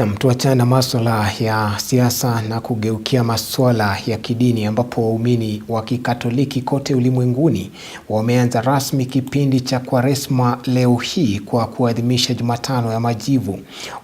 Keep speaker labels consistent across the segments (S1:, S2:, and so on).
S1: Na tuachana na maswala ya siasa na kugeukia maswala ya kidini ambapo waumini wa Kikatoliki kote ulimwenguni wameanza rasmi kipindi cha Kwaresma leo hii kwa kuadhimisha Jumatano ya Majivu.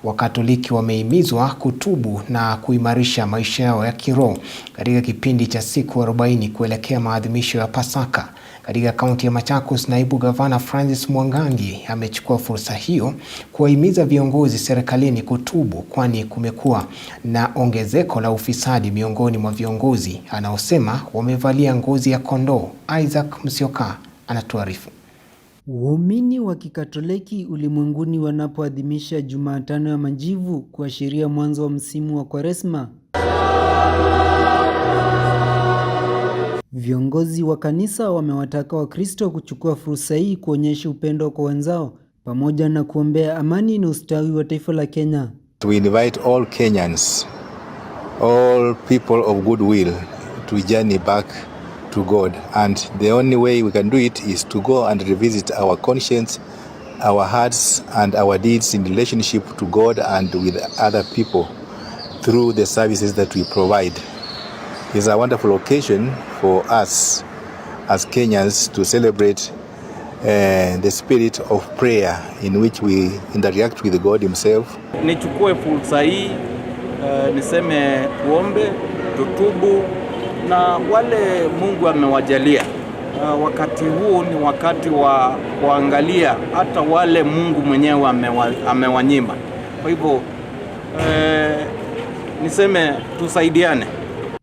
S1: Wakatoliki wamehimizwa kutubu na kuimarisha maisha yao ya kiroho katika kipindi cha siku 40 kuelekea maadhimisho ya Pasaka. Katika kaunti ya Machakos, naibu gavana Francis Mwangangi amechukua fursa hiyo kuwahimiza viongozi serikalini kutubu kwani kumekuwa na ongezeko la ufisadi miongoni mwa viongozi anaosema wamevalia ngozi ya kondoo. Isaac Msioka anatuarifu.
S2: Waumini wa Kikatoliki ulimwenguni wanapoadhimisha Jumatano ya Majivu kuashiria mwanzo wa msimu wa Kwaresma, viongozi wa kanisa wamewataka Wakristo kuchukua fursa hii kuonyesha upendo kwa wenzao pamoja na kuombea amani na ustawi wa taifa la Kenya.
S3: We invite all Kenyans, all people of goodwill to journey back to God. And the only way we can do it is to go and revisit our conscience, our hearts, and our deeds in relationship to God and with other people through the services that we provide. It's a wonderful occasion for us as Kenyans to celebrate Eh, the spirit of prayer in which we interact with God himself.
S4: Nichukue fursa hii uh, niseme tuombe, tutubu na wale Mungu amewajalia uh, wakati huu ni wakati wa kuangalia hata wale Mungu mwenyewe amewa, amewanyima. Kwa hivyo uh, niseme tusaidiane.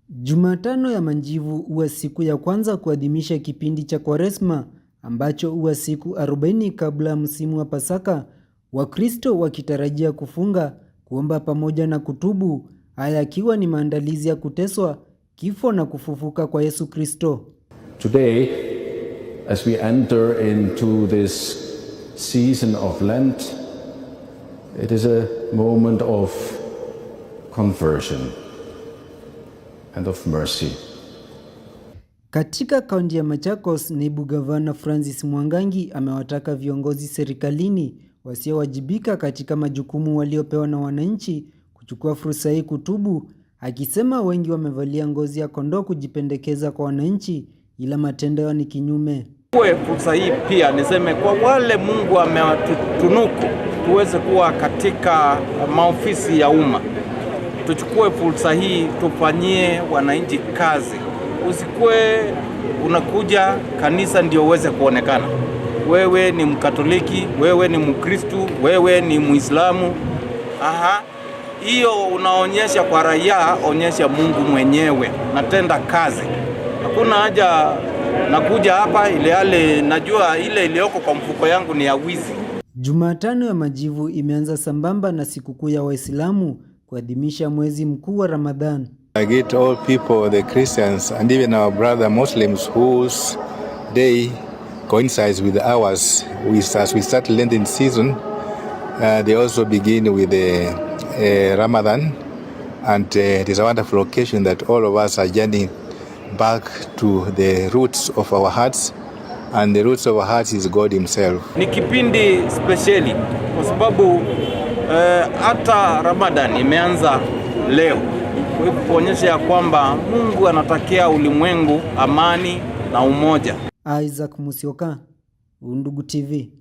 S2: Jumatano ya manjivu huwa siku ya kwanza kuadhimisha kipindi cha Kwaresma ambacho huwa siku 40 kabla msimu wa Pasaka, Wakristo wakitarajia kufunga, kuomba pamoja na kutubu, haya akiwa ni maandalizi ya kuteswa, kifo na kufufuka kwa Yesu Kristo.
S3: Today as we enter into this season of Lent it is a moment of conversion and of mercy.
S2: Katika kaunti ya Machakos, naibu gavana Francis Mwangangi amewataka viongozi serikalini wasiowajibika katika majukumu waliopewa na wananchi kuchukua fursa hii kutubu, akisema wengi wamevalia ngozi ya kondoo kujipendekeza kwa wananchi, ila matendo yao ni kinyume.
S4: Kwa fursa hii pia niseme kwa wale Mungu amewatunuku tuweze kuwa katika maofisi ya umma, tuchukue fursa hii tufanyie wananchi kazi usikuwe unakuja kanisa ndio uweze kuonekana. Wewe ni Mkatoliki, wewe ni Mkristu, wewe ni Muislamu. Aha, hiyo unaonyesha kwa raia, onyesha Mungu mwenyewe, natenda kazi. Hakuna haja nakuja hapa ile ale najua ile iliyoko kwa mfuko yangu ni ya wizi.
S2: Jumatano ya Majivu imeanza sambamba na sikukuu ya Waislamu kuadhimisha mwezi mkuu wa Ramadhan.
S3: I get all people, the Christians and even our brother Muslims whose day coincides with ours. We, as we start Lenten season, uh, they also begin with uh, uh, Ramadan and uh, it is a wonderful occasion that all of us are journeying back to the roots of our hearts and the roots of our hearts is God himself.
S4: Ni kipindi speciali kwa sababu uh, hata Ramadan imeanza leo kuonyesha ya kwamba Mungu anatakia ulimwengu amani na umoja.
S1: Isaac musioka Undugu TV.